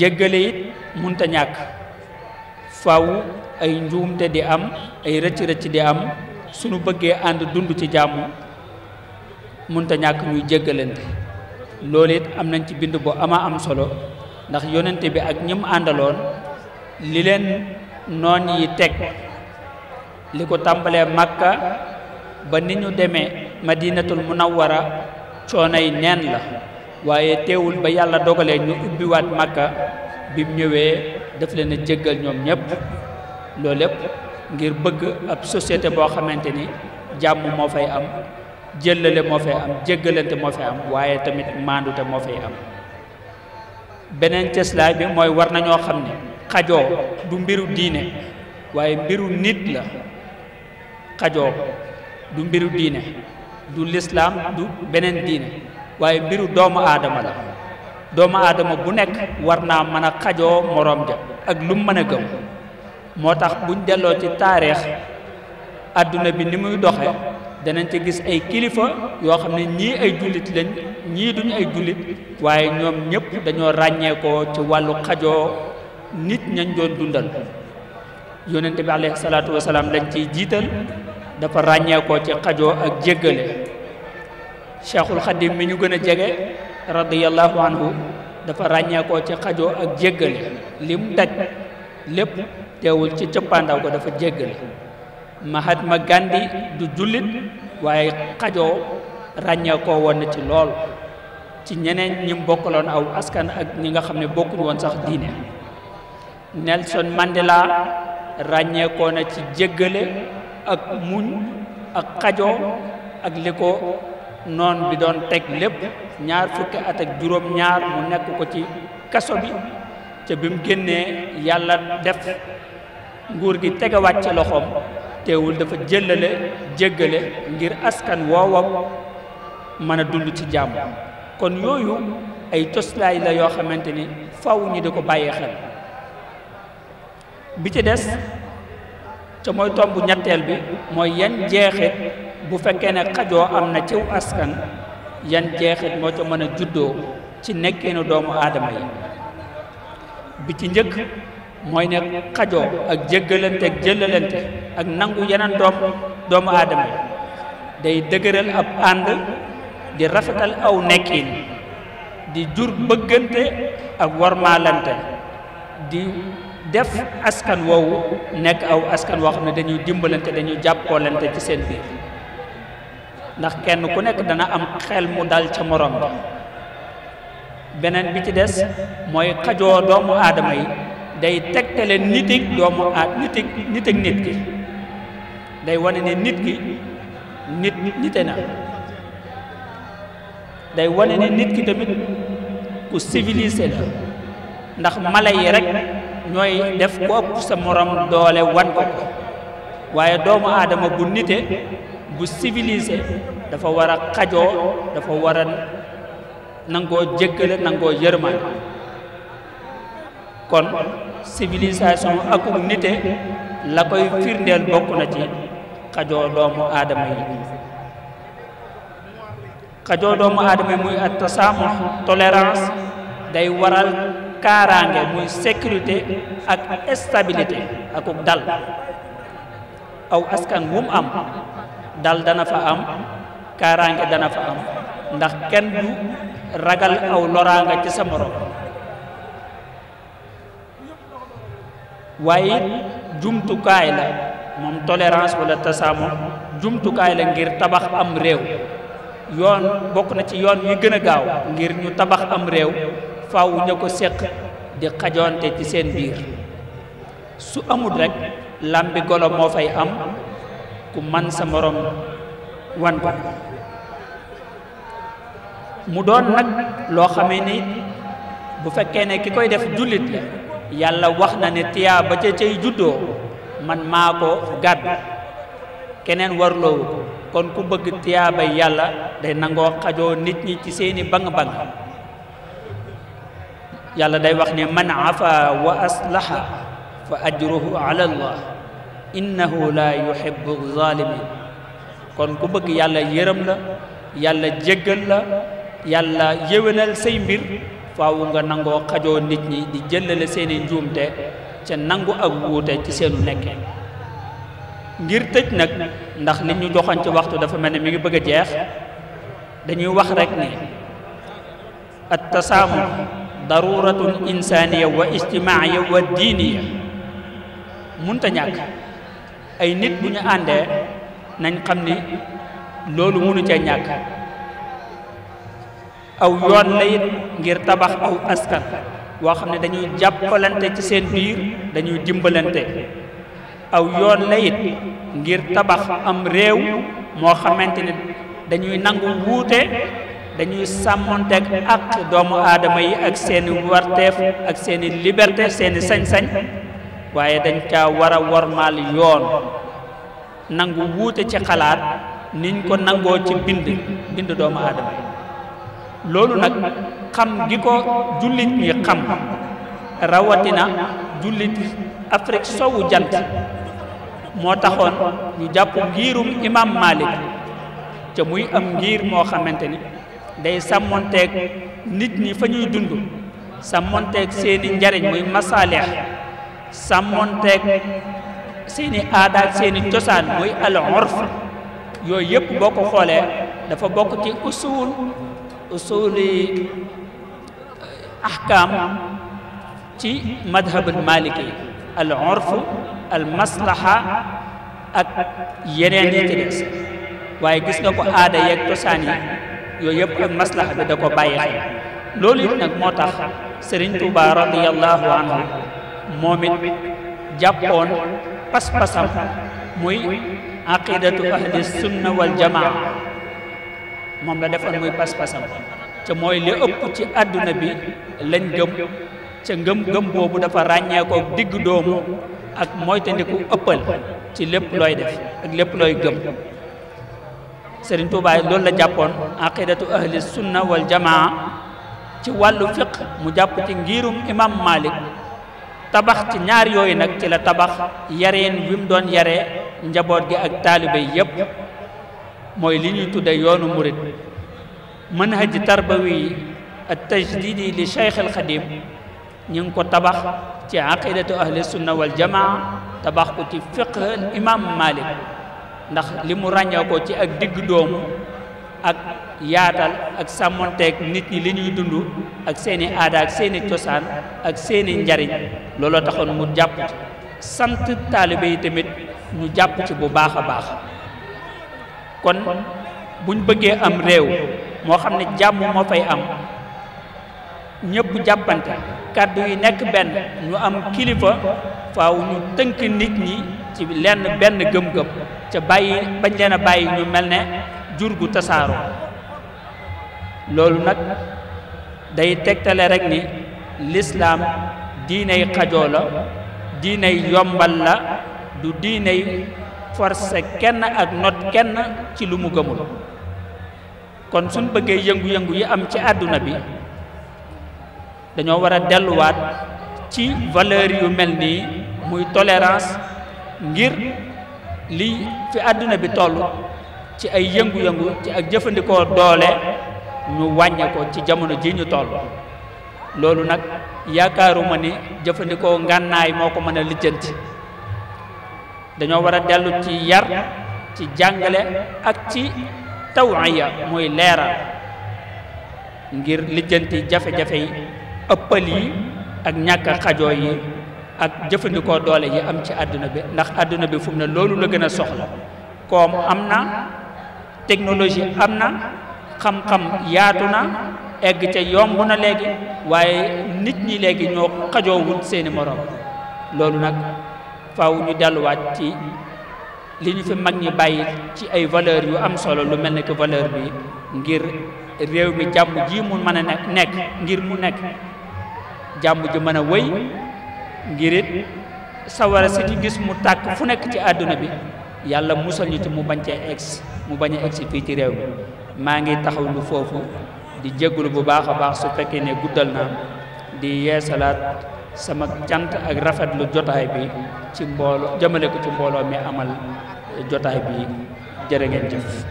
jéggale it munta ñàkk faw ay njuumte di am ay rëcc-rëcc di am suñu bëggee ànd dund ci jàmm munta ñàkk ñuy jéggalante loolu it am nañ ci bind bu am a am solo ndax yonente bi ak ñim àndaloon li leen noon yi teg li ko tàmbalee Makka ba ni ñu demee madinatul munawwara coonay neen la waaye teewul ba yàlla dogalee ñu ubbiwaat màkka bi mu ñëwee daf leen a jéggal ñoom ñëpp loolu lépp ngir bëgg ab société boo xamante ni jàmm moo fay am jëlale moo fay am jéggalante moo fay am waaye tamit maandute moo fay am beneen cëslaay bi mooy war nañoo xam ne xajoo du mbiru diine waaye mbiru nit la xajoo du mbiru diine du lislaam du beneen diine waaye mbiru doomu aadama la doomu aadama bu nekk war naa mën a xajoo moroom ja ak lu mu mën a gëm moo tax buñ delloo ci taarix àdduna bi ni muy doxe danañ ci gis ay kilifa yoo xam ne ñii ay jullit lañ ñii duñu ay jullit waaye ñoom ñëpp dañoo ràññeekoo ci wàllu xajoo nit ñañ doon dundal yónnente bi alayhi salaatu wasalaam lañ ciy jiital dafa ràññeekoo ci xajoo ak jéggale cheikhul xadim mi ñu gën a jege radiyallahu anhu dafa ràññeekoo ci xajoo ak jéggale lim daj lépp teewul ci cëppaandaw ko dafa jéggale Mahatma Gandhi du jullit waaye xajoo ràññeekoo woon na ci lool ci ñeneen ñi mu bokkaloon aw askan ak ñi nga xam ne bokkuñ woon sax diine Nelson Mandela ràññeekoo na ci jéggale ak muñ ak xajoo ak li ko noon bi doon teg lépp ñaar fukki at ak juróom ñaar mu nekk ko ci kaso bi ca bi mu génnee yàlla def nguur gi tegawaat ci loxoom teewul dafa jëllale jéggale ngir askan woowam mën a dund ci jàmm kon yooyu ay toslaay la yoo xamante ni faw ñi di ko bàyyi xel bi ci des te mooy tomb ñetteel bi mooy yan jeexit bu fekkee ne xajoo am na ciw askan yan jeexit moo ca mën a juddoo ci nekkeenu doomu aadama yi bi ci njëkk mooy ne xajoo ak jéggalante ak jëlalante ak nangu yeneen doom doomu aadama yi day dëgëral ab ànd di rafetal aw nekkin di jur bëggante ak warmaalante di def askan woowu nekk aw askan woo xam ne dañuy dimbalante dañuy jàppoolante ci seen biir ndax kenn ku nekk dana am xel mu dal ca moroom ba beneen bi ci des mooy xajoo doomu aadama yi day tegtale nitig doomu aad nitig nit ki day wane ne nit ki nit nite na day wane ne nit ki tamit ku civilisé la ndax mala yi rek ñooy def ko ëpp sa morom doole wan ko ko waaye doomu aadama bu nite bu civilisé dafa war a xajoo dafa war a nangoo jéggale nangoo yërmaan kon civilisation ak nite la koy firndeel bokk na ci xajoo doomu aadama yi xajoo doomu aadama yi muy at tasaamux tolérance day waral kaaraange muy sécurité ak stabilité akuk dal aw askan wum am dal dana fa am kaaraange dana fa am ndax kenn du ragal aw loraanga ci sa morom waaye jumtukaay la moom tolérance wala tasaamo jumtukaay la ngir tabax am réew yoon bokk na ci yoon yi gën a gaaw ngir ñu tabax am réew faw ña ko séq di xajoonte ci seen biir su amul rekk làmbi golo moo fay am ku man sa moroom wan ko mu doon nag loo xamee ni bu fekkee ne ki koy def jullit la yàlla wax na ne tiyaa ba ca cay juddoo man maa ko gàdd keneen warloowu kon ku bëgg tiyaabay yàlla day nangoo xajoo nit ñi ci seeni bang-bang yàlla day wax ni man afa wa aslaha fa ajruhu ala allah innahu la yuhibbu zalimin kon ku bëgg yàlla yërëm la yàlla jéggal la yàlla yéwénal say mbir faawu nga nangoo xajoo nit ñi di jëlale seeni njuumte ca nangu ak wuute ci seenu nekk ngir tëj nag ndax li ñu joxoon ci waxtu dafa mel ne mi ngi bëgg a jeex dañuy wax rekk ni at tasaamu daruratun insaaniya wa ijtimaaiya wa diiniya munta ñàkk ay nit bu ñu àndee nañ xam ni loolu mënu ca ñàkk aw yoon la ngir tabax aw askan woo xam ne dañuy jàppalante ci seen biir dañuy dimbalante aw yoon la ngir tabax am réew moo xamante ne dañuy nangu wuute dañuy sàmmonteeg ak doomu aadama yi ak seeni warteef ak seeni liberté seeni sañsañ waaye dañ caa war a wormaal yoon nangu wuute ci xalaat niñ ko nangoo ci bind bind doomu aadama yi loolu nag xam gi ko jullit ñi xam rawatina jullit Afrique sowu jant moo taxoon ñu jàpp ngiirum imam Malik ca muy am ngiir moo xamante ni day sàmmonteeg nit ñi fa ñuy dund sàmmonteeg seeni njariñ muy masaleex sàmmonteeg seeni aada ak seeni cosaan muy al yooyu yëpp boo ko xoolee dafa bokk ci usul usuli ahkaam ci madhabul maliki al urf al ak yeneen yi ci waaye gis nga ko aada yeeg cosaan yi yooyu yëpp ak maslaha bi da ko bàyyi xel loolu it nag moo tax Serigne Touba radiyallahu anhu moom it jàppoon pas-pasam muy aqidatu ahli sunna wal jamaa moom la defoon muy pas-pasam ca mooy li ëpp ci àdduna bi lañ gëm ca ngëm-ngëm boobu dafa ràññeekoo digg doomu ak moytandiku ëppal ci lépp looy def ak lépp looy gëm Serigne Touba loolu la jàppoon aqidatu ahli sunna wal jamaa ci wàllu fiq mu jàpp ci ngirum imam Malik tabax ci ñaar yooyu nag ci la tabax yareen bi mu doon yare njaboot gi ak taalibe yépp mooy li ñuy tudde yoonu murit manhaj tarbawi at tajdidi li Cheikh al Xadim ñu ngi ko tabax ci aqidatu ahli sunna wal jamaa tabax ko ci fiqh imam Malik ndax li mu ràññee ci ak digg doomu ak yaatal ak sàmmonteeg nit ñi li ñuy dund ak seeni aada ak seeni cosaan ak seeni njariñ looloo taxoon mu jàpp ci sant taalibe yi tamit ñu jàpp ci bu baax a baax kon buñ bëggee am réew moo xam ne jàmm moo fay am ñëpp jàppante kàddu yi nekk benn ñu am kilifa faaw ñu tënk nit ñi ci lenn benn gëm-gëm ca bàyyi bañ leen bàyyi ñu mel ne jur gu tasaaroo loolu nag day tegtale rekk ni lislaam diiney xajoo la diiney yombal la du diiney forcé kenn ak not kenn ci lu mu gëmul kon suñ bëggee yëngu-yëngu yi am ci àdduna bi dañoo war a delluwaat ci valeur yu mel nii muy tolérance ngir li fi àdduna bi toll ci ay yëngu-yëngu ci ak jëfandikoo doole ñu wàññe ci jamono ji ñu toll loolu nag yaakaaruma ni jëfandikoo ngànnaay moo ko mën a lijjanti dañoo war a dellu ci yar ci jàngale ak ci tawiya muy leeral ngir lijjanti jafe-jafe yi ëppal yi ak ñàkk xajoo yi ak jëfandikoo doole yi am ci àdduna bi ndax àdduna bi fu na loolu la gën a soxla koom am na technologie am na xam-xam yaatu na egg ca yomb na léegi waaye nit ñi léegi ñoo xajoowul seeni moroom loolu nag faw ñu delluwaat ci li ñu fi mag ñi bàyyi ci ay valeur yu am solo lu mel ni que valeur bi ngir réew mi jàmm ji mu mën a nekk ngir mu nekk jàmm ji mën a wëy ngir it sawara si ci gis mu tàkk fu nekk ci àdduna bi yàlla musal ñu ci mu bañ cee egsi mu bañ a egsi fii ci réew mi maa ngi taxaw lu foofu di jégalu bu baax a baax su fekkee ne guddal naa di yeesalaat sama cant ak rafet rafetlu jotaay bi ci mbooloo jëmale ko ci mbooloo mi amal jotaay bi jërë jëf